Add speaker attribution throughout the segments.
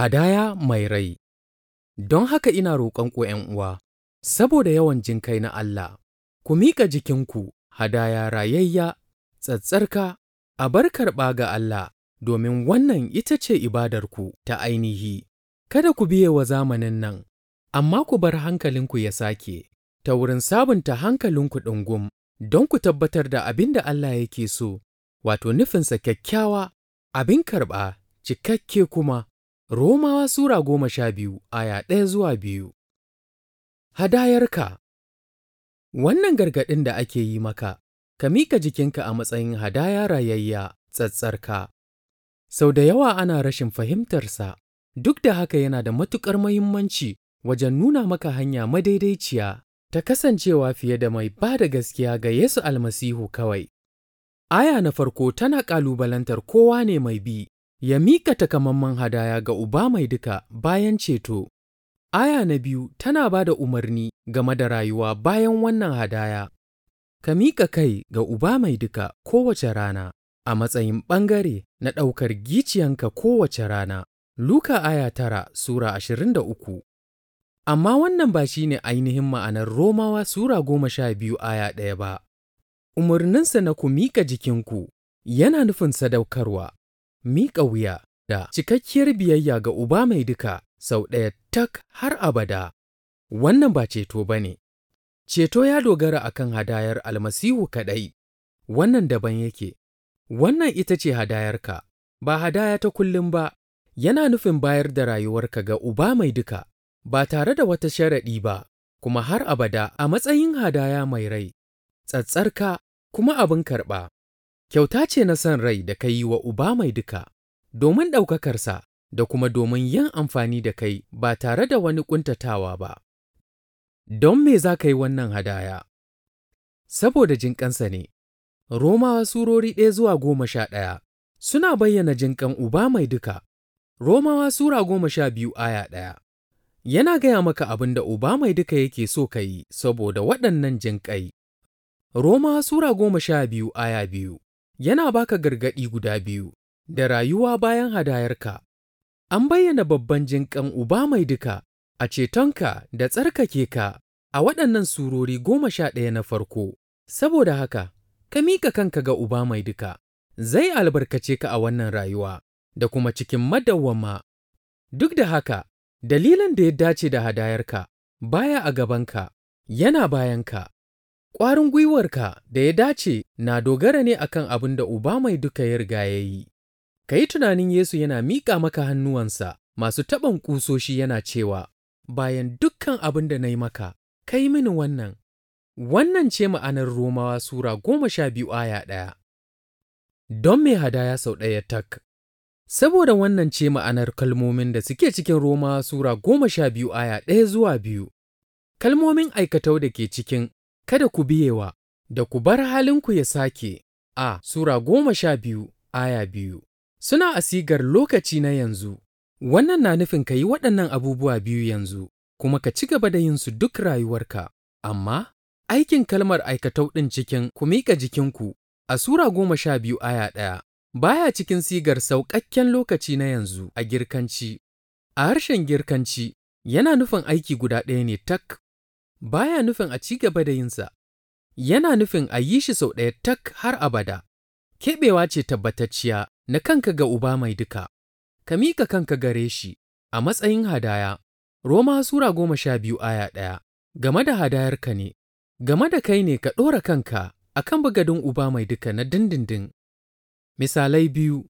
Speaker 1: hadaya mai rai. Don haka ina roƙon roƙonku uwa, saboda yawan kai na Allah, ku miƙa jikinku hadaya rayayya, tsattsarka, bar karɓa ga Allah, domin wannan ita ce ibadarku ta ainihi. Kada ku biye wa zamanin nan, amma ku bar hankalinku ya sake, ta wurin sabunta hankalinku ɗungum, don ku tabbatar da abin da Allah yake so, wato nufinsa kyakkyawa, abin karɓa, cikakke kuma. Romawa Sura goma sha biyu aya ɗaya zuwa biyu Hadayarka Wannan gargaɗin da ake yi maka, ka miƙa jikinka a matsayin hadaya rayayya tsattsarka. Sau da yawa ana rashin fahimtarsa, duk da haka yana da matuƙar mahimmanci wajen nuna maka hanya madaidaiciya ta kasancewa fiye da mai ba da gaskiya ga Yesu Almasihu kawai. Aya na farko tana ƙalubalantar kowa ne mai bi ya mika takamaiman hadaya ga Uba mai duka bayan ceto. Aya na biyu tana ba da umarni game da rayuwa bayan wannan hadaya, ka miƙa kai ga Uba mai duka kowace rana a matsayin ɓangare na ɗaukar giciyanka kowace rana. Luka aya tara Sura ashirin da uku Amma wannan ba shi ne ainihin ma'anar Romawa Sura goma sha biyu aya ɗaya ba. Umarninsa na ku miƙa jikinku yana nufin sadaukarwa miƙa wuya da cikakkiyar biyayya ga Uba mai duka sau ɗaya tak har abada. Wannan ba ceto ba ne, ceto ya dogara a kan hadayar almasihu kaɗai, wannan daban yake, wannan ita ce hadayarka, ba hadaya ta kullum ba, yana nufin bayar da rayuwarka ga Uba mai duka, ba tare da wata sharaɗi ba, kuma har abada a matsayin hadaya mai rai, tsatsarka kuma abin karɓa. Kyauta ce na son rai da ka yi wa Uba mai duka, domin ɗaukakarsa da kuma domin yin amfani da kai ba tare da wani ƙuntatawa ba. Don me za ka yi wannan hadaya? Saboda jinƙansa ne, Romawa Surori ɗaya zuwa goma sha ɗaya suna bayyana jinƙan Uba mai duka. Romawa Sura goma sha biyu aya ɗaya Yana gaya maka abin da Uba mai duka yake so ka yi saboda waɗannan jinƙai. Romawa Sura goma sha biyu aya biyu yana baka gargaɗi guda biyu da rayuwa bayan hadayarka. An bayyana babban jinƙan Uba Mai Duka a cetonka da tsarkake ka a waɗannan surori goma sha ɗaya na farko, saboda haka, ka miƙa kanka ga Uba Mai Duka, zai albarkace ka a wannan rayuwa da kuma cikin madawwama. Duk da haka, dalilin da ya dace da hadayarka baya a gabanka, yana bayanka. Ƙwarin gwiwarka da ya dace na dogara ne akan kan abin da uba mai duka ya riga ya yi, ka yi tunanin Yesu yana miƙa maka hannuwansa masu taɓan ƙusoshi yana cewa, Bayan dukkan abin da na yi maka, ka yi mini wannan. Wannan ce ma'anar Romawa Sura goma sha biyu aya ɗaya. Don me hadaya sau ɗaya tak? Saboda wannan ce ma'anar kalmomin da suke cikin Romawa Sura goma sha biyu aya ɗaya zuwa biyu. Kalmomin aikatau da ke cikin kada ku biyewa da ku bar halinku ya sake a Sura goma sha biyu aya biyu. Suna asigar lokaci na yanzu, wannan na nufin ka yi waɗannan abubuwa biyu yanzu, kuma ka ci gaba da yin su duk rayuwarka, amma aikin kalmar aikatau ɗin cikin ku miƙa jikinku a Sura goma sha biyu aya ɗaya. Baya cikin sigar sauƙaƙƙen lokaci na yanzu a girkanci. A harshen girkanci, yana nufin aiki guda ɗaya ne tak baya nufin a ci gaba da yinsa, yana nufin a yi shi sau ɗaya tak har abada. Keɓewa ce tabbatacciya na kanka ga Uba mai duka, ka mika kanka gare shi a matsayin hadaya, Roma Sura goma sha biyu aya ɗaya, game da hadayarka ne, game da kai ne ka ɗora kanka a kan bugadin Uba mai duka na dindindin. Misalai biyu,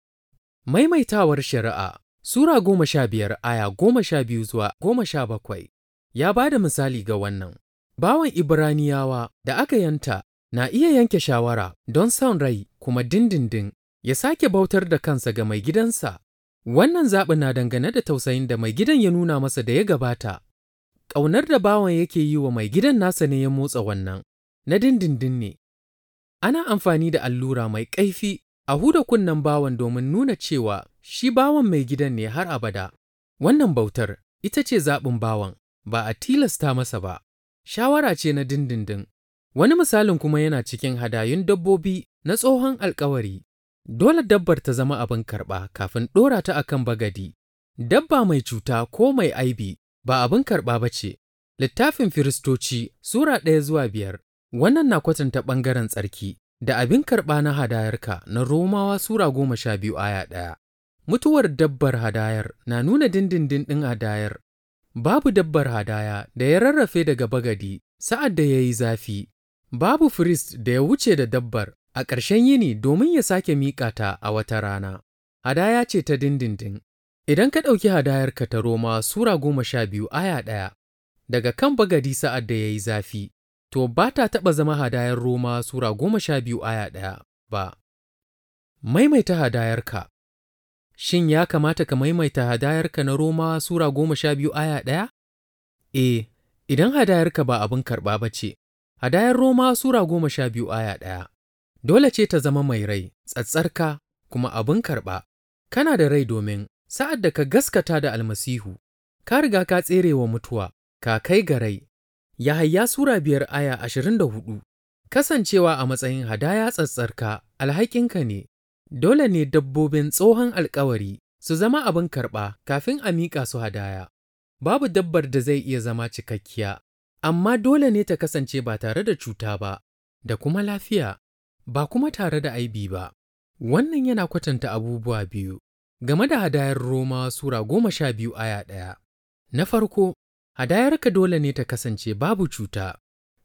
Speaker 1: maimaitawar shari'a, Sura goma sha biyar aya goma sha biyu zuwa goma sha bakwai. ya ba da misali ga wannan. Bawan Ibraniyawa da aka yanta na iya yanke shawara don son rai kuma dindindin ya sake bautar da kansa ga mai gidansa. Wannan zaɓi na dangane da tausayin da mai gidan ya nuna masa da ya gabata. Ƙaunar da bawan yake yi wa mai gidan nasa ne ya motsa wannan, na dindindin ne. Ana amfani da allura mai ƙaifi a huda kunnen bawan domin nuna cewa shi bawan mai gidan ne har abada. Wannan bautar ita ce zaɓin bawan. ba a tilasta masa ba, shawara ce na dindindin. Wani misalin kuma yana cikin hadayun dabbobi na tsohon alkawari. Dole dabbar ta zama abin karɓa kafin ɗora ta a kan bagadi. Dabba mai cuta ko mai aibi ba abin karɓa ba ce. Littafin Firistoci Sura ɗaya zuwa biyar wannan na kwatanta ɓangaren tsarki da abin karɓa na hadayarka na Romawa Sura goma sha biyu aya ɗaya. Mutuwar dabbar hadayar na nuna dindindin ɗin hadayar Babu dabbar hadaya da ya rarrafe daga bagadi sa'ad da ya yi zafi, babu firist da ya wuce da dabbar a ƙarshen yini domin ya sake miƙa ta a wata rana. Hadaya ce ta dindindin. Idan ka ɗauki hadayar ka ta Roma Sura goma sha biyu aya ɗaya, daga kan bagadi sa'ad da ya yi zafi, to, ba ta taɓa zama hadayar Roma Sura goma sha biyu aya ɗaya ba. Maimaita hadayarka Shin ya kamata ka maimaita hadayarka na Roma Sura goma sha biyu aya ɗaya? E, idan hadayarka ba abin karɓa ba ce, hadayar Roma Sura goma sha biyu aya ɗaya, dole ce ta zama mai rai, tsatsarka, kuma abin karɓa. Kana da rai domin, sa'ad da ka gaskata da almasihu, ka riga ka tsere wa mutuwa, ka kai ga rai. Yahaya Sura biyar aya ashirin da hudu, kasancewa a matsayin hadaya tsatsarka alhakinka ne. Dole ne dabbobin tsohon alkawari su zama abin karɓa kafin a miƙa su hadaya. Babu dabbar da zai iya zama cikakkiya, amma dole ne ta kasance ba tare da cuta ba, da kuma lafiya, ba kuma tare da aibi ba. Wannan yana kwatanta abubuwa biyu game da hadayar Roma Sura goma sha biyu aya ɗaya. Na farko, hadayarka dole ne ta kasance babu cuta.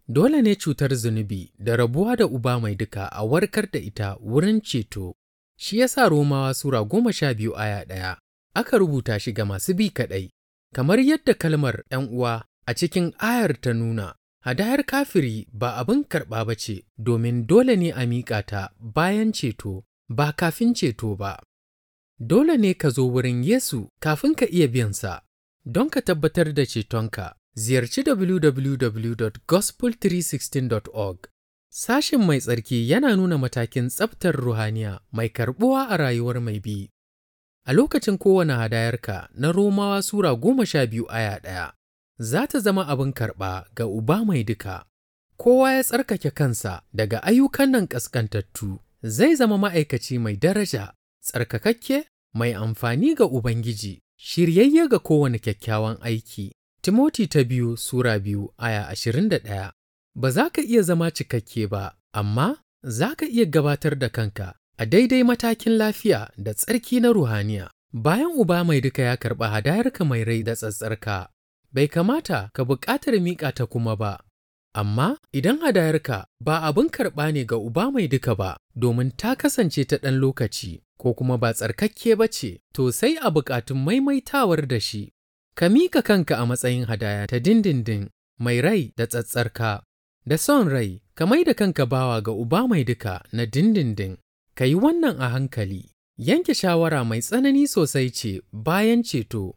Speaker 1: Dole ne cutar zunubi da rabuwa da Uba mai duka a warkar da ita wurin ceto. Shi ya sa Romawa Sura goma sha biyu aya ɗaya aka rubuta shi ga masu bi kaɗai, kamar yadda kalmar uwa a cikin ayar ta nuna, hadayar kafiri ba abin karɓa ba ce domin dole ne a miƙa ta bayan ceto ba kafin ceto ba. Dole ne ka zo wurin Yesu kafin ka iya biyansa don ka tabbatar da cetonka. Ziyarci www.gospel316.org Sashen Mai Tsarki yana nuna matakin tsabtar ruhaniya mai karbuwa a rayuwar mai bi a lokacin kowane hadayarka na Romawa Sura goma sha biyu aya ɗaya za ta zama abin karɓa ga Uba Mai Duka. Kowa ya tsarkake kansa daga ayyukan nan ƙasƙantattu zai zama ma'aikaci mai daraja, tsarkakakke, mai amfani ga Ubangiji, shiryayye ga kowane kyakkyawan aiki. Timoti ta biyu Sura biyu aya ashirin da ɗaya Ba za ka iya zama cikakke ba, amma za ka iya gabatar da kanka a daidai matakin lafiya da tsarki na ruhaniya. Bayan Uba Mai Duka ya karɓi hadayarka mai rai da tsatsarka, bai kamata ka buƙatar miƙa ta kuma ba. Amma idan hadayarka ba abin karɓa ne ga Uba Mai Duka ba, domin ta kasance ta ɗan lokaci ko kuma ba tsarkakke ba ce, to sai a buƙatun maimaitawar da shi. Ka miƙa kanka a matsayin hadaya ta dindindin mai rai da tsatsarka. Da son rai, ka mai da kanka bawa ga Uba mai duka na dindindin, ka yi wannan a hankali. Yanke shawara mai tsanani sosai ce bayan ceto.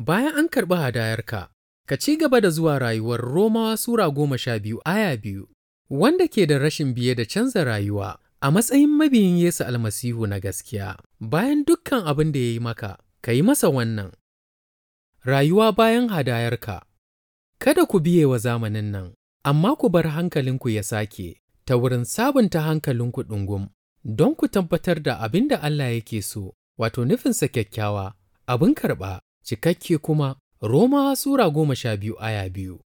Speaker 1: Bayan an karɓi hadayarka, ka ci gaba da zuwa rayuwar Romawa Sura goma sha biyu aya biyu, wanda ke da rashin biye da canza rayuwa a matsayin mabiyin Yesu almasihu na gaskiya. Bayan dukkan abin da ya yi maka, ka yi masa wannan. Rayuwa bayan hadayarka Kada ku biye wa zamanin nan, Amma ku bar hankalinku ya sake ta wurin sabunta hankalinku ɗungum don ku tabbatar da abin da Allah yake so, wato nufinsa kyakkyawa, abin karɓa, cikakke kuma. Romawa Sura goma sha biyu aya biyu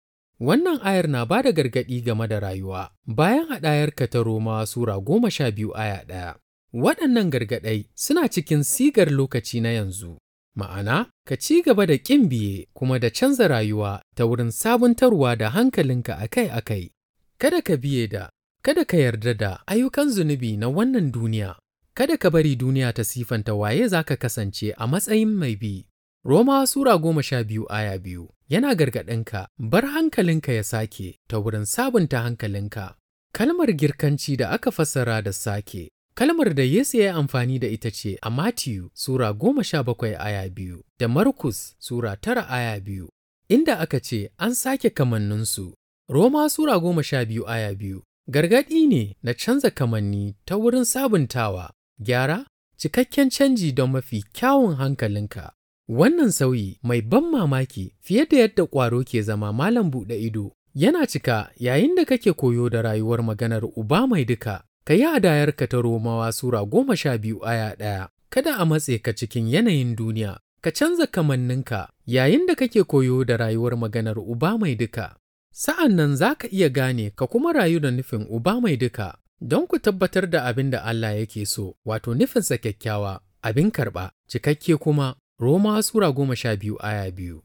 Speaker 1: Wannan ayar na ba da gargaɗi game da rayuwa bayan haɗayarka ta Romawa Sura goma sha biyu aya ɗaya. Waɗannan gargaɗai suna cikin sigar lokaci na yanzu, Ma'ana, ka ci gaba da ƙin biye kuma da canza rayuwa ta wurin sabuntarwa da hankalinka akai-akai. Kada ka biye da, kada ka yarda da ayyukan zunubi na wannan duniya. Kada ka bari duniya ta sifanta waye za ka kasance a matsayin mai bi. Romawa Sura goma sha biyu aya biyu yana gargaɗinka, bar hankalinka ya sake ta wurin sabunta hankalinka. Kalmar Girkanci da aka fassara da sake Kalmar da Yesu ya yi amfani da ita ce a Matiyu Sura goma sha bakwai aya biyu da Markus Sura tara aya biyu, inda aka ce an sake kamanninsu. Roma Sura goma sha biyu aya biyu gargaɗi ne na canza kamanni ta wurin sabuntawa, gyara, cikakken canji don mafi kyawun hankalinka. Wannan sauyi mai ban mamaki fiye da yadda ƙwaro ke zama malam buɗe ido yana cika yayin da kake koyo da rayuwar maganar Uba mai duka Ka yi hadayarka ta Romawa Sura goma sha biyu aya ɗaya, kada a matse ka cikin yanayin duniya, ka canza kamanninka yayin da kake koyo da rayuwar maganar Uba mai duka. Sa'an nan za ka iya gane ka kuma rayu da nufin Uba mai duka don ku tabbatar da abin da Allah yake so, wato nufinsa kyakkyawa, abin karɓa, cikakke kuma Romawa Sura goma sha biyu aya biyu.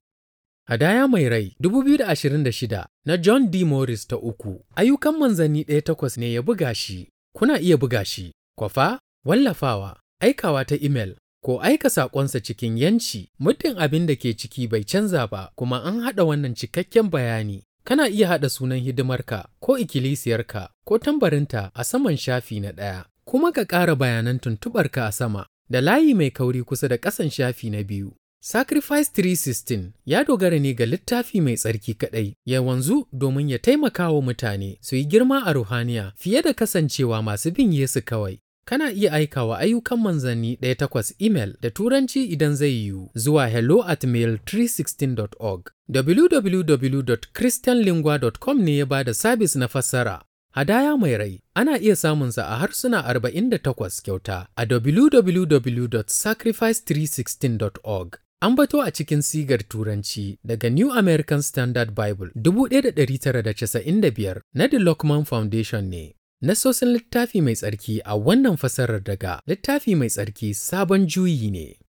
Speaker 1: Hadaya mai rai 2026 na John D. Morris ta uku, ayyukan manzanni ɗaya takwas ne ya buga shi. Kuna iya buga shi, kwafa, wallafawa, aikawa ta imel, ko aika saƙonsa cikin ‘yanci muddin abin da ke ciki bai canza ba kuma an haɗa wannan cikakken bayani. Kana iya haɗa sunan hidimarka ko ikkilisiyarka ko tambarinta a saman shafi na ɗaya, kuma ka ƙara bayanan tuntuɓarka a sama da layi mai kauri kusa da ƙasan shafi na biyu. Sacrifice 316 ya dogara ne ga littafi mai tsarki kaɗai, ya wanzu domin ya taimaka wa mutane su yi girma a ruhaniya fiye da kasancewa masu bin Yesu kawai. Kana iya aika wa ayyukan manzanni ɗaya takwas email da Turanci idan zai yiwu zuwa hello at mail316.org. www.christianlingua.com ne ya ba da sabis na fassara. Hadaya mai rai ana iya samunsa a harsuna arba'in da takwas, kyauta a www.sacrifice316.org. Ambato a cikin sigar Turanci daga New American Standard Bible 1995 na The Lockman Foundation ne. Nasosin littafi mai tsarki a wannan fasarar daga littafi mai tsarki sabon juyi ne.